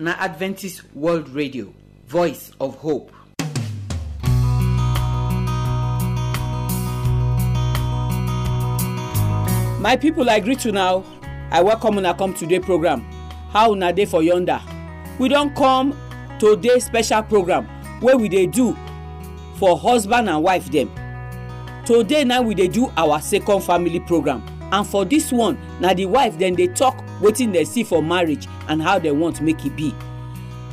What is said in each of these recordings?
na adventist world radio voice of hope. my people i greet you now. i welcome una come today program how una dey for yonder we don come today special program wey we dey do for husband and wife dem today na we dey do our second family program and for this one na the wife dem dey talk wetin dem see for marriage and how dem want make e be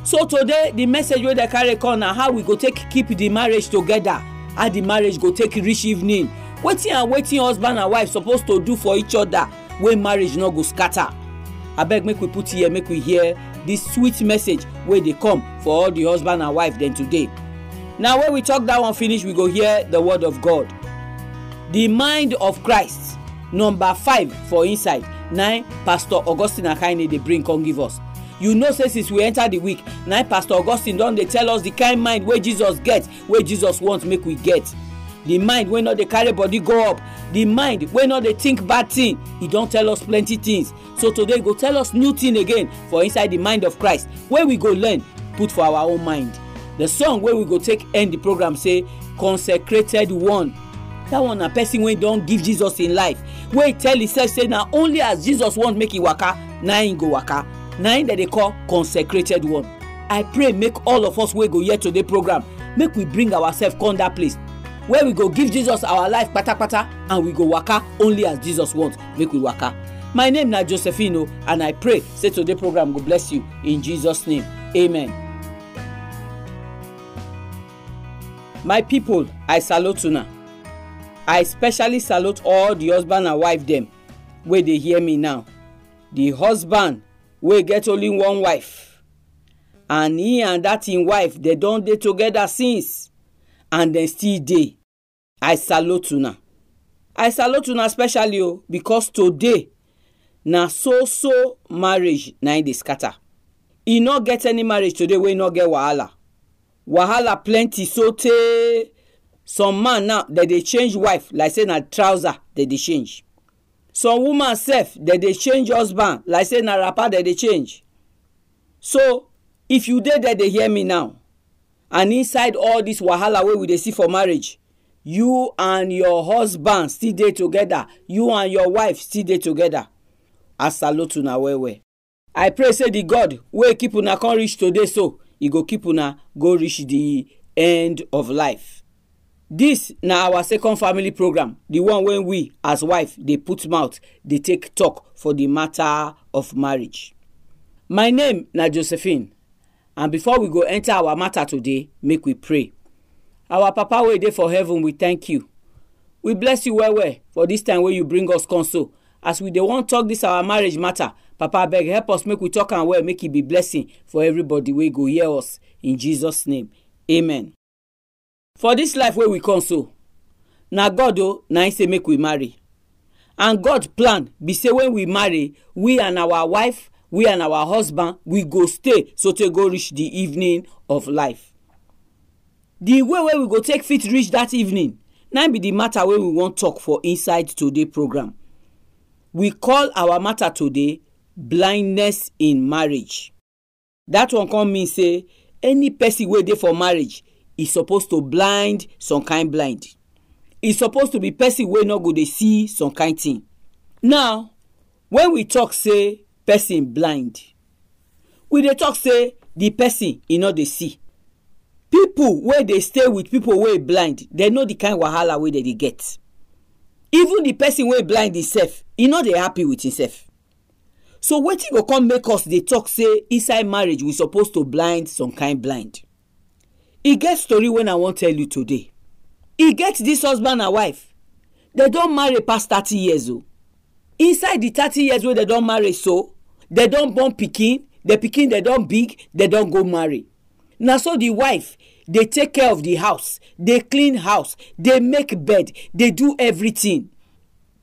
so today the message wey dem carry come na how we go take keep the marriage together how the marriage go take reach evening wetin and wetin husband and wife suppose to do for each other wey marriage no go scatter abeg make we put ear make we hear the sweet message wey dey come for all the husband and wife dem today now when we talk that one finish we go hear the word of god the mind of christ number five for inside na pastor augustine akaine dey bring come give us you know say since we enter the week na pastor augustine don dey tell us the kind mind wey jesus get wey jesus want make we get the mind wey no dey carry body go up the mind wey no dey think bad thing e don tell us plenty things so today go tell us new thing again for inside the mind of christ wey we go learn put for our own mind the song wey we go take end the program say consecrated one That one na person wey don give jesus im life wey tell himself say na only as jesus want make he waka na im go waka na im dem dey call consecrated one i pray make all of us wey go hear today program make we bring ourselves come that place where we go give jesus our life kpatakpata and we go waka only as jesus want make we waka my name na josephine o and i pray say today program go bless you in jesus name amen. my people i salute una i especially salute all the husband and wife dem wey dey hear me now the husband wey get only one wife and he and that him wife dey don dey together since and dem still dey i salute una i salute una especially o because today na so so marriage na im dey scatter e no get any marriage today wey no get wahala wahala plenty so tey some man now dem dey change wife like say na trouser dem dey change some woman sef dem dey change husband like say na wrapper dem dey change so if you dey there dey hear me now and inside all this wahala wey we dey see for marriage you and your husband still dey together you and your wife still dey together i salute una well well i pray say the god wey keep una come reach today so he go keep una go reach the end of life This na our second family program the one wey we as wife dey put mouth dey take talk for the matter of marriage my name na josephine and before we go enter our matter today make we pray our papa wey dey for heaven we thank you we bless you well well for this time wey you bring us come so as we dey wan talk this our marriage matter papa abeg help us make we talk am well make e be blessing for everybody wey go hear us in jesus name amen for this life wey we come so na god o na him say make we marry and god plan be say when we marry we and our wife we and our husband we go stay so tey go reach the evening of life the way wey we go take fit reach that evening na be the matter wey we wan talk for inside today program we call our matter today blindness in marriage that one come mean say any person wey dey for marriage is supposed to blind some kind blind e suppose to be person wey no go dey see some kind thing now when we talk say person blind we dey talk say the person e no dey see people wey dey stay with people wey blind dem know the kind wahala wey dem dey get even the person wey blind himself e no dey happy with himself so wetin go come make us dey talk say inside marriage we suppose to blind some kind blind e get story wey i wan tell you today e get dis husband and wife dem don marry pass thirty years o inside di thirty years wey dem don marry so dem don born pikin di pikin dem don big dem don go marry na so di wife dey take care of di house dey clean house dey make bed dey do everything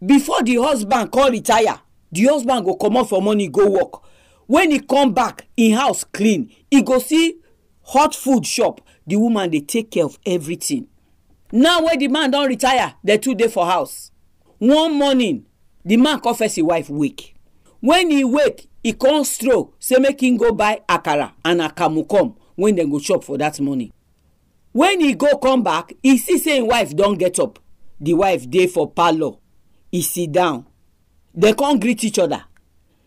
before di husband come retire di husband go comot for money go work wen e come back im house clean e go see hot food shop the woman dey take care of everything now wey the man don retire the too dey for house one morning the man confess him wife wake when he wake he come stroke, say make him go buy akara and akamu come when dem go chop for that morning when he go come back he see say him wife don get up the wife dey for parlour he sit down dem come greet each other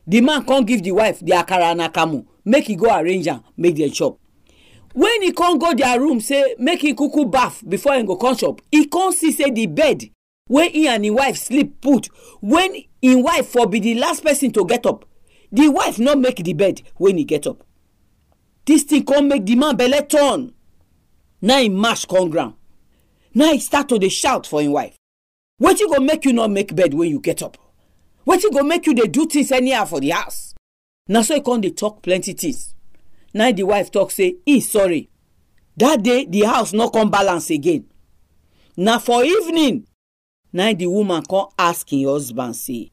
the man come give the wife the akara and akamu make he go arrange am make dem chop When he come go their room say make e kuku baff before im go come chop He come see say the bed wey he and im wife sleep put When im wife for be the last person to get up the wife no make the bed when he get up this thing come make the man belle turn Now im mash come ground Now he start to dey shout for im wife wetin go make you no make bed when you get up wetin go make you dey do things anyhow for the house na so he come dey talk plenty things na the wife talk say e sorry that day the house no come balance again na for evening na the woman come ask im husband say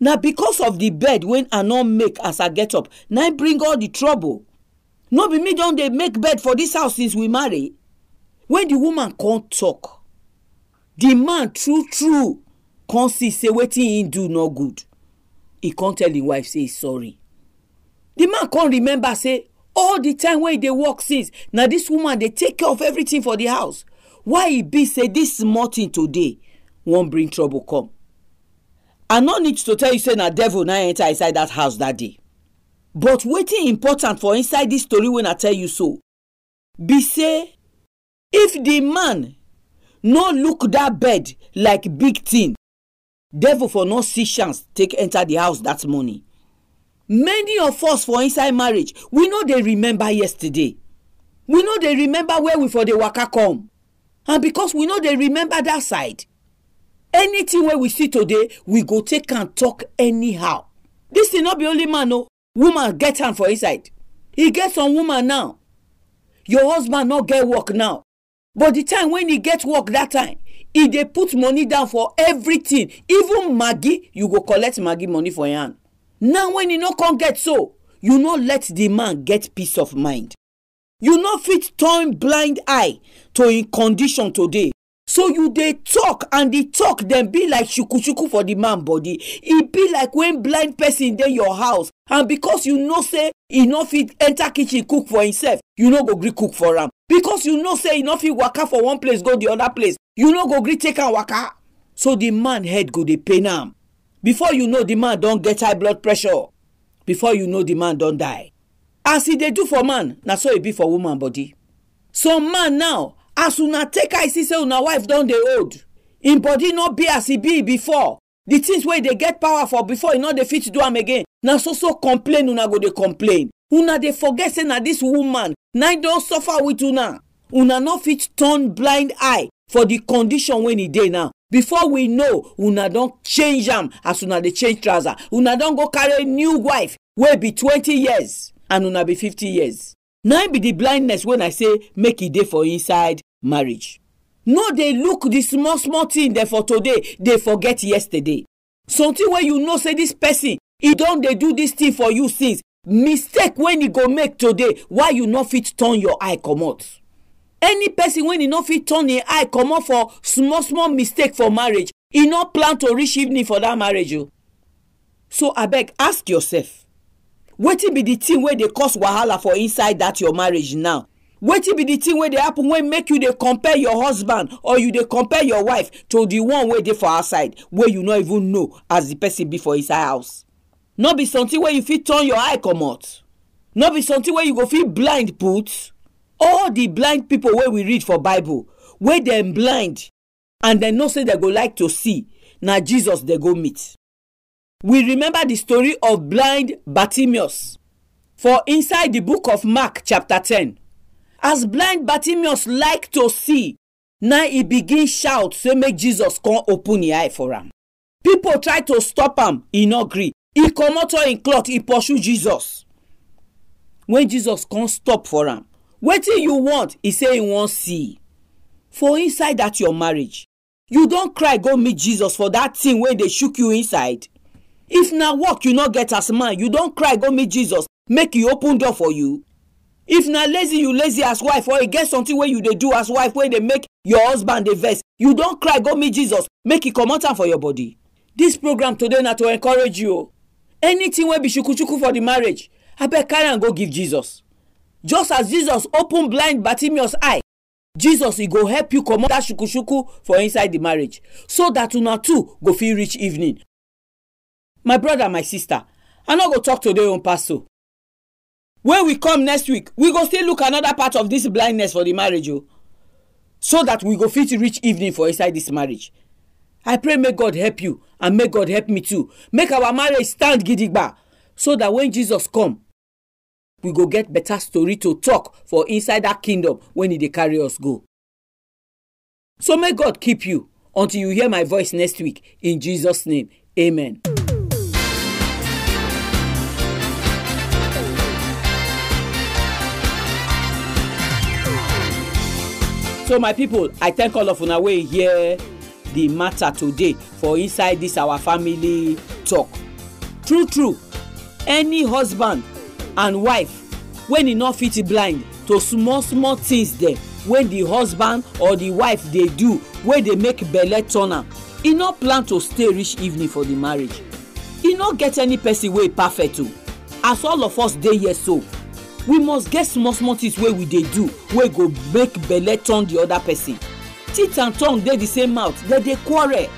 na because of the bed wey i no make as i get up na im bring all the trouble no be me don dey make bed for this house since we marry when the woman come talk the man true true come see say wetin im do no good He come tell im wife say e sorry the man come remember say all the time wey e dey work since na this woman dey take care of everything for the house why e be say this small thing today wan bring trouble come i no need to tell you say na devil na enter inside that house that day but wetin important for inside this story wey i tell you so be say if the man no look that bed like big thing devil for no see chance take enter the house that morning many of us for inside marriage we no dey remember yesterday we no dey remember where we for dey waka come and because we no dey remember that side anything wey we see today we go take am talk anyhow this thing no be only man o woman get am for inside e get some woman now your husband no get work now but the time when e get work that time e dey put money down for everything even maggi you go collect maggi money for your now when you no come get so you no let the man get peace of mind you no fit turn blind eye to im condition today so you dey talk and the talk dem be like shukushuku for the man body e be like when blind person dey your house and because you know say e no fit enter kitchen cook for himself you no go gree cook for am because you know say e no fit waka for one place go the other place you no go gree take am waka so the man head go dey pain am before you know the man don get high blood pressure before you know the man don die as he dey do for man na so e be for woman body some man now as una take eye see say una wife don dey old im body no be as e be before the things wey e dey get power for before e no dey fit do am again na so so complain una go dey complain una dey forget say na this woman na don suffer with una una no fit turn blind eye for the condition wey e dey now before we know una don change am as una dey change trouser una don go carry new wife wey be twenty years and una be fifty years na be the blindness wey i say make e dey for inside marriage no dey look di small small thing dem for today dey forget yesterday something wey you know say this person e don dey do this thing for you since mistake wey e go make today why you no fit turn your eye comot any person wey e no fit turn im eye comot for small small mistake for marriage e no plan to reach evening for dat marriage o oh. so abeg ask yourself wetin be di thing wey dey cause wahala for inside dat your marriage now wetin be di thing wey dey happen wey make you dey compare your husband or you dey compare your wife to di one wey dey for outside wey you no even know as di person be for inside house no be something wey you fit turn your eye comot no be something wey you go fit blind put all the blind people wey we read for bible wey dem blind and dem know say dem go like to see na jesus dem go meet we remember the story of blind bartimaeus for inside the book of mark chapter 10 as blind bartimaeus like to see na e begin shout say make jesus come open e eye for am people try to stop am e no gree e comot all im cloth e pursue jesus when jesus come stop for am wetin you want e say e wan see for inside that your marriage you don cry go meet jesus for that thing wey dey shook you inside if na work you no get as man you don cry go meet jesus make e open door for you if na lazy you lazy as wife or e get something wey you dey do as wife wey dey make your husband dey vex you don cry go meet jesus make he comot am for your body This program today na to encourage you o anything wey be shukuchuku for the marriage abeg carry am go give jesus just as jesus open blind bartimaeus eye jesus e go help you comot that shukushuku for inside the marriage so that una two go fit reach evening my brother my sister i no go talk today on pastor when we come next week we go still look another part of this blindness for the marriage o oh, so that we go fit reach evening for inside this marriage i pray may god help you and may god help me too make our marriage stand gidigba so that when jesus come we go get better story to talk for inside that kingdom when e dey carry us go. So may God keep you until you hear my voice next week. In Jesus' name, amen. So my people, I thank all of una wey hear the matter today for inside this our family talk. True true, any husband and wife when e no fit blind to small small things dem wey the husband or the wife dey do wey dey make belle turn am e no plan to stay reach evening for the marriage e no get any person wey perfect o as all of us dey here so we must get small small things wey we dey do wey go make belle turn the other person teeth and tongue dey the same mouth dem dey quarrel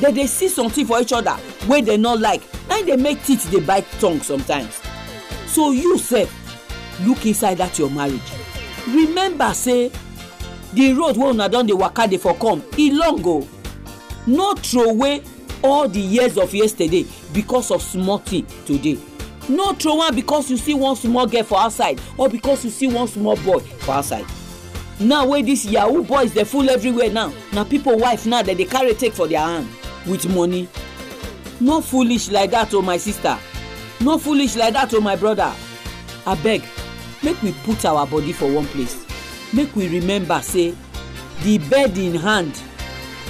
dem dey see something for each other wey dem no like na dey make teeth dey bite tongue sometimes so you sef look inside that your marriage remember say the road wey una don dey waka dey for come e long o no throway all the years of yesterday because of small thing today no throw am because you see one small girl for outside or because you see one small boy for outside now wey these yahoo boys dey full everywhere now na people wife now dem dey carry take for their hand with money no foolish like that o oh, my sister no foolish like that, o oh my broda abeg make we put our body for one place make we remember say the bird in hand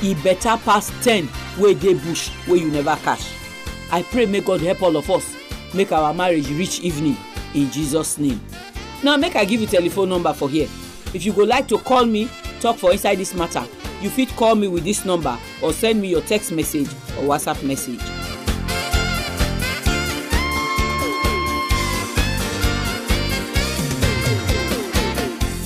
e better pass ten wey dey bush wey you never catch i pray make god help all of us make our marriage reach evening in jesus name now make i give you telephone number for here if you go like to call me talk for inside this matter you fit call me with this number or send me your text message or whatsapp message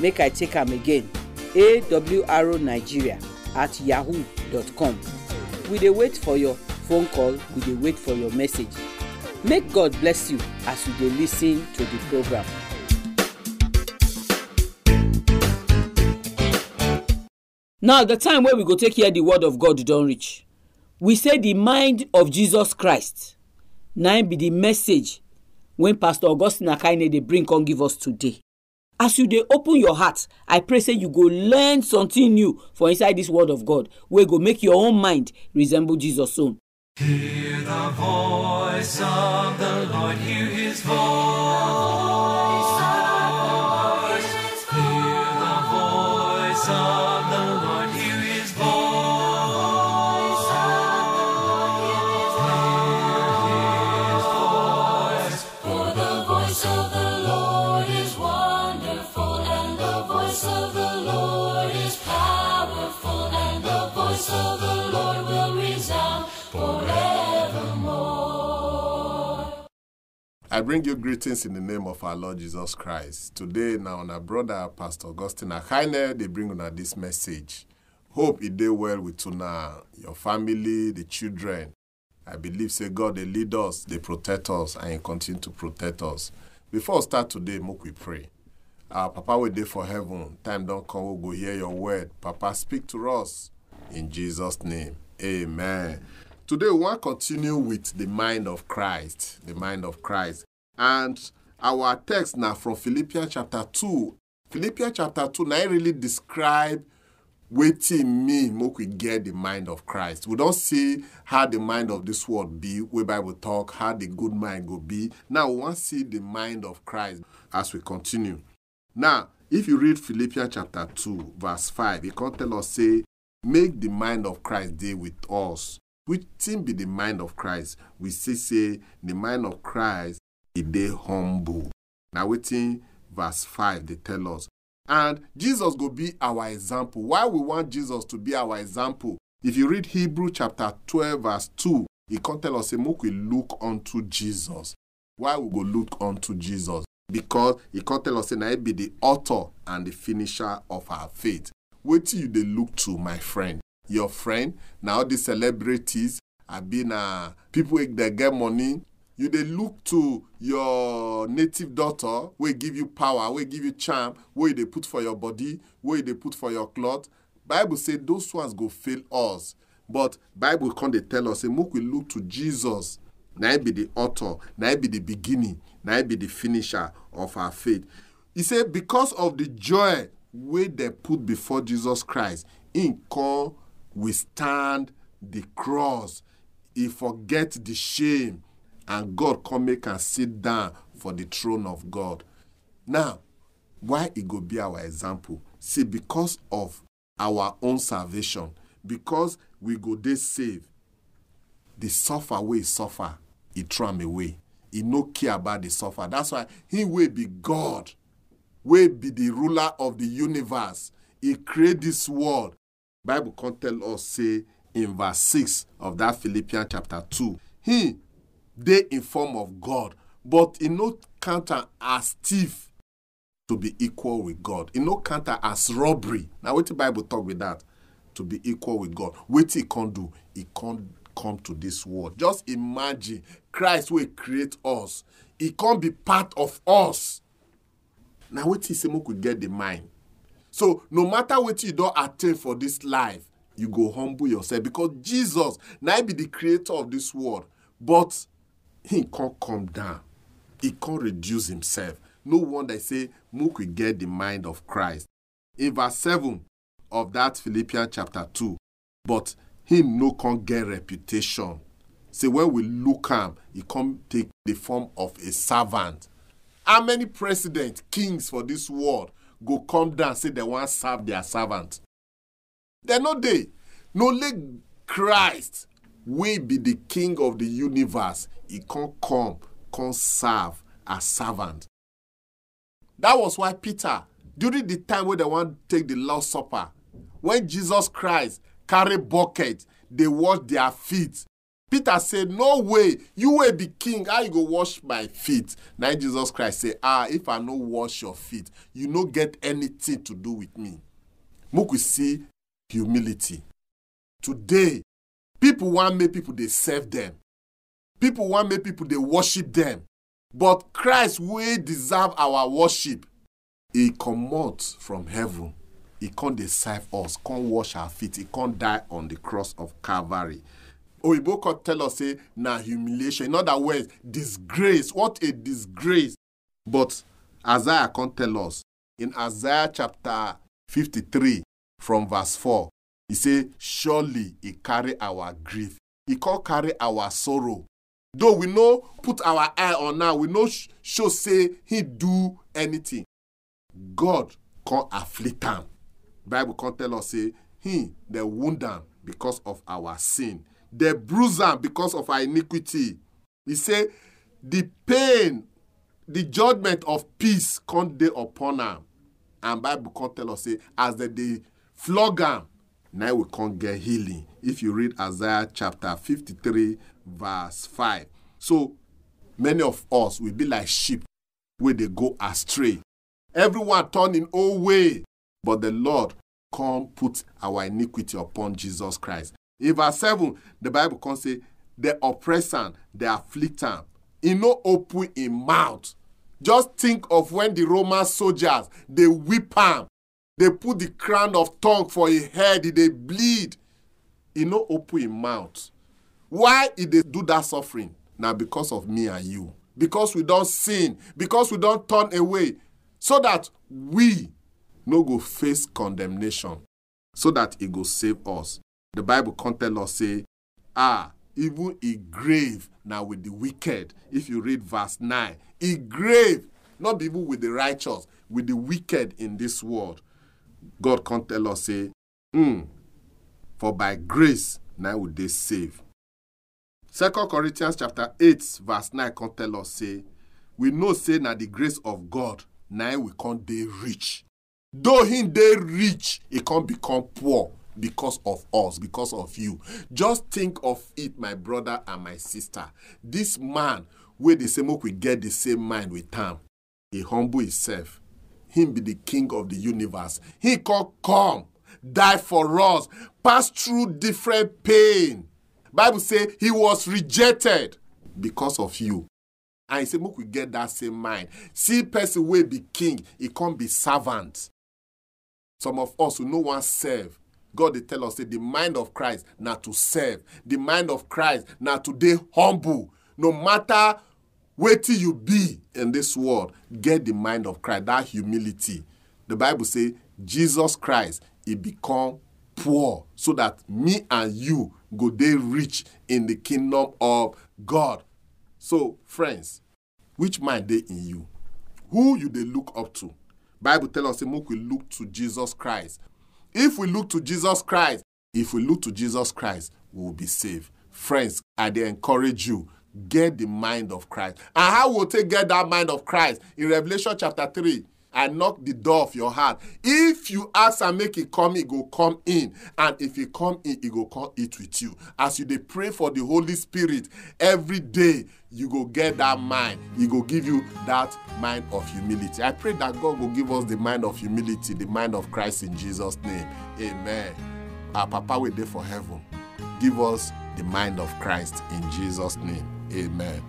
make i take am again awro nigeria at yahoo.com we dey wait for your phone call we dey wait for your message make god bless you as you dey lis ten to the program. now the time wey we go take hear the word of god don reach we say the mind of jesus christ na be the message wey pastor augustine akaine dey bring come give us today as you dey open your heart i pray say you go learn something new for inside this word of god wey go make your own mind resemble jesus own. Hear the voice of the Lord, hear his voice. I bring you greetings in the name of our Lord Jesus Christ. Today, now, our brother, Pastor Augustine Akaine, they bring on this message. Hope it day well with Tuna, your family, the children. I believe, say God, they lead us, they protect us, and continue to protect us. Before we start today, make we pray. Our Papa we day for heaven. Time don't come, we'll go hear your word. Papa, speak to us. In Jesus' name, amen. amen. Today, we want to continue with the mind of Christ. The mind of Christ. And our text now from Philippians chapter 2. Philippians chapter 2 now really describe waiting me make we get the mind of Christ. We don't see how the mind of this world be, where Bible talk, how the good mind go be. Now we want to see the mind of Christ as we continue. Now, if you read Philippians chapter 2, verse 5, it can tell us, say, make the mind of Christ day with us, wetin be the mind of christ we see say the mind of christ is the humble Now, waiting verse 5 they tell us and jesus go be our example why we want jesus to be our example if you read hebrew chapter 12 verse 2 he can tell us say "Mook we look unto jesus why we go look unto jesus because he can tell us say na be the author and the finisher of our faith wetin you they look to my friend your friend. Now the celebrities have been uh, people they get money. You they look to your native daughter, We give you power, We give you charm, where they put for your body, where they put for your cloth. Bible say those ones go fail us. But Bible can they tell us, say, make we look to Jesus. Now be the author, now be the beginning, now be the finisher of our faith. He said, because of the joy where they put before Jesus Christ, in call withstand the cross. He forget the shame, and God come make and sit down for the throne of God. Now, why it go be our example? See, because of our own salvation, because we go they save. The suffer way suffer, he tram away. He no care about the suffer. That's why he will be God, will be the ruler of the universe. He create this world bible can tell us say in verse 6 of that philippians chapter 2 he they in form of god but in no counter as thief to be equal with god in no counter as robbery Now what the bible talk with that to be equal with god he can't do He can't come to this world just imagine christ will create us He can't be part of us Now wetin say make we get the mind so no matter what you don't attain for this life, you go humble yourself because Jesus now be the creator of this world, but he can't come down. He can't reduce himself. No wonder say, Mook will get the mind of Christ. In verse 7 of that Philippians chapter 2, but him no can get reputation. Say when we look him, he come take the form of a servant. How many presidents, kings for this world go come down say dem wan serve their servant They no dey christ we be the king of the universe can't come can't serve as servant That was why peter during the time wey dem wan take the last supper when jesus christ carry bucket they wash their feet peter say no way you wey be king how you go wash my feet na jesus christ say ah if i no wash your feet you no get anything to do with me make we see humility today people wan make people dey serve them people wan make people dey worship them but christ wey deserve our worship He comot from heaven He come dey serve us come wash our feet He come die on the cross of calvary Oyibo court tell us say na humiliation. In other words, disgrace. What a disgrace. But Isaiah can't tell us. In Isaiah chapter 53 from verse 4, he say, Surely he carry our grief. He can't carry our sorrow. Though we no put our eye on now, we no show say he do anything. God can afflict him. Bible can tell us say, he the wound am because of our sin. The bruiser because of our iniquity. He said, the pain, the judgment of peace come day upon him, And Bible can tell us, say, as the day flog him. now we can't get healing. If you read Isaiah chapter 53, verse 5. So many of us will be like sheep where they go astray. Everyone turn in way, but the Lord come put our iniquity upon Jesus Christ. In verse 7, the Bible can say, the oppressor, the afflictor, he no open him mouth. Just think of when the Roman soldiers, they whip him. They put the crown of tongue for his head, they bleed. He no open him mouth. Why He they do that suffering? Now because of me and you. Because we don't sin. Because we don't turn away. So that we no go face condemnation. So that he go save us. The Bible can't tell us, say, ah, even a grave now with the wicked. If you read verse 9, a grave, not even with the righteous, with the wicked in this world. God can't tell us, say, Hmm, for by grace now would they save. Second Corinthians chapter 8, verse 9 can tell us, say, we know say now the grace of God, now we can't they rich. Though him they rich, it can't become poor because of us, because of you. Just think of it, my brother and my sister. This man, where the same we get the same mind with him. He humble himself. Him be the king of the universe. He can come, die for us, pass through different pain. Bible say he was rejected because of you. And he say, make we get that same mind. See person will be king, he can't be servant. Some of us who no one serve, God they tell us say the mind of Christ not to serve. The mind of Christ not to be humble. No matter where you be in this world, get the mind of Christ, that humility. The Bible say Jesus Christ, he become poor so that me and you go they rich in the kingdom of God. So, friends, which mind they in you? Who you they look up to? Bible tell us say we look to Jesus Christ if we look to Jesus Christ, if we look to Jesus Christ, we will be saved. Friends, I encourage you get the mind of Christ. And how will take get that mind of Christ? In Revelation chapter 3, I knock the door of your heart. If you ask and make it come, it will come in. And if it come in, it will come eat with you. As you they pray for the Holy Spirit every day, you go get that mind he go give you that mind of humility i pray that god will give us the mind of humility the mind of christ in jesus name amen our papa wey there for heaven give us the mind of christ in jesus name amen.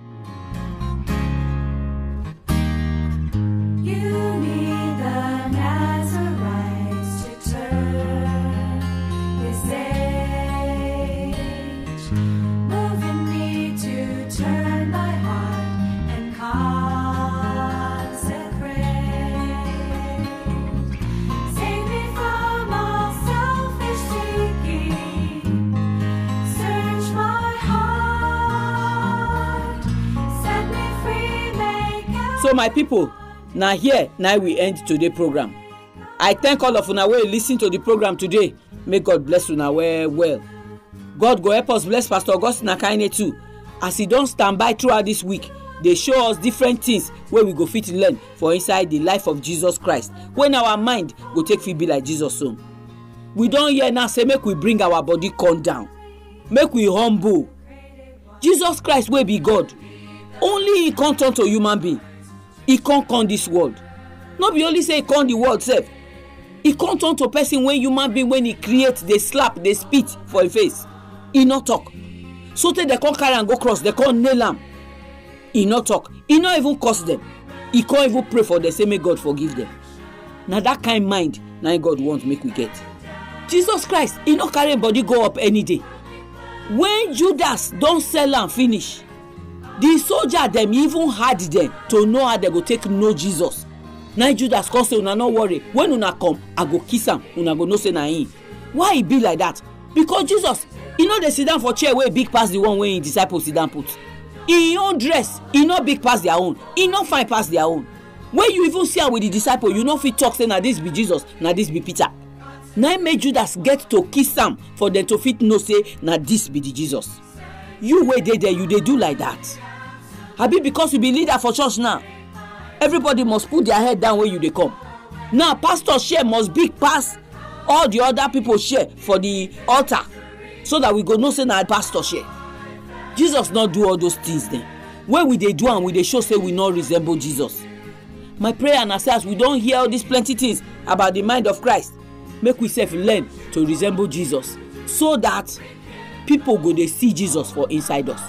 my people, na here na we end today program i thank all of una wey lis ten to the program today may god bless una well well god go help us bless pastor augustine Akane too as he don stand by throughout this week dey show us different things wey we go fit learn for inside the life of jesus christ when our mind go take fit be like jesus own we don hear now say make we bring our body come down make we humble jesus christ wey be god only he come turn to human being He come come this world no be only say he come the world sef He come turn to person wey human being wey he create dey slap dey spit for e face He no talk so tey dem come carry am go cross dem come nail am He no talk He no even curse dem He come even pray for dem say make god forgive dem na that kind mind na god want make we get jesus christ He no carry body go up any day when judas don sell am finish the soldier dem even hard dem to know how dem go take know jesus na judas come say una no worry when una come i go kiss am una go know say na him why e be like that because jesus e no dey sit down for chair wey big pass the one wey him disciples sit down put him own dress e no big pass their own e no fine pass their own when you even see am with the disciple you no fit talk say na this be jesus na this be peter na him make judas get to kiss am for them to fit know say na this be the jesus you wey dey there you dey do like that abi because you be leader for church now everybody must put their head down when you dey come now pastor share must big pass all the other people share for the altar so that we go know say na pastor share jesus no do all those things then. when we dey do am we dey show say we no resemble jesus my prayer na say as we don hear all these plenty things about the mind of christ make we sef learn to resemble jesus so that people go dey see jesus for inside us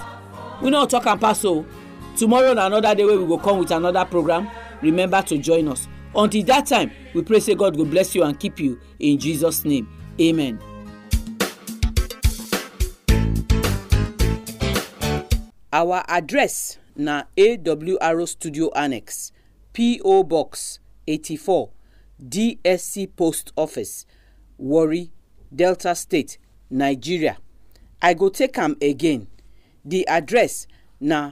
we no talk am pass o. So, tomorrow na another day wey we go come with another program remember to join us until that time we pray say god go bless you and keep you in jesus name amen. our address na awr studio annex po box eighty-four dsc post office warri delta state nigeria i go take am again the address na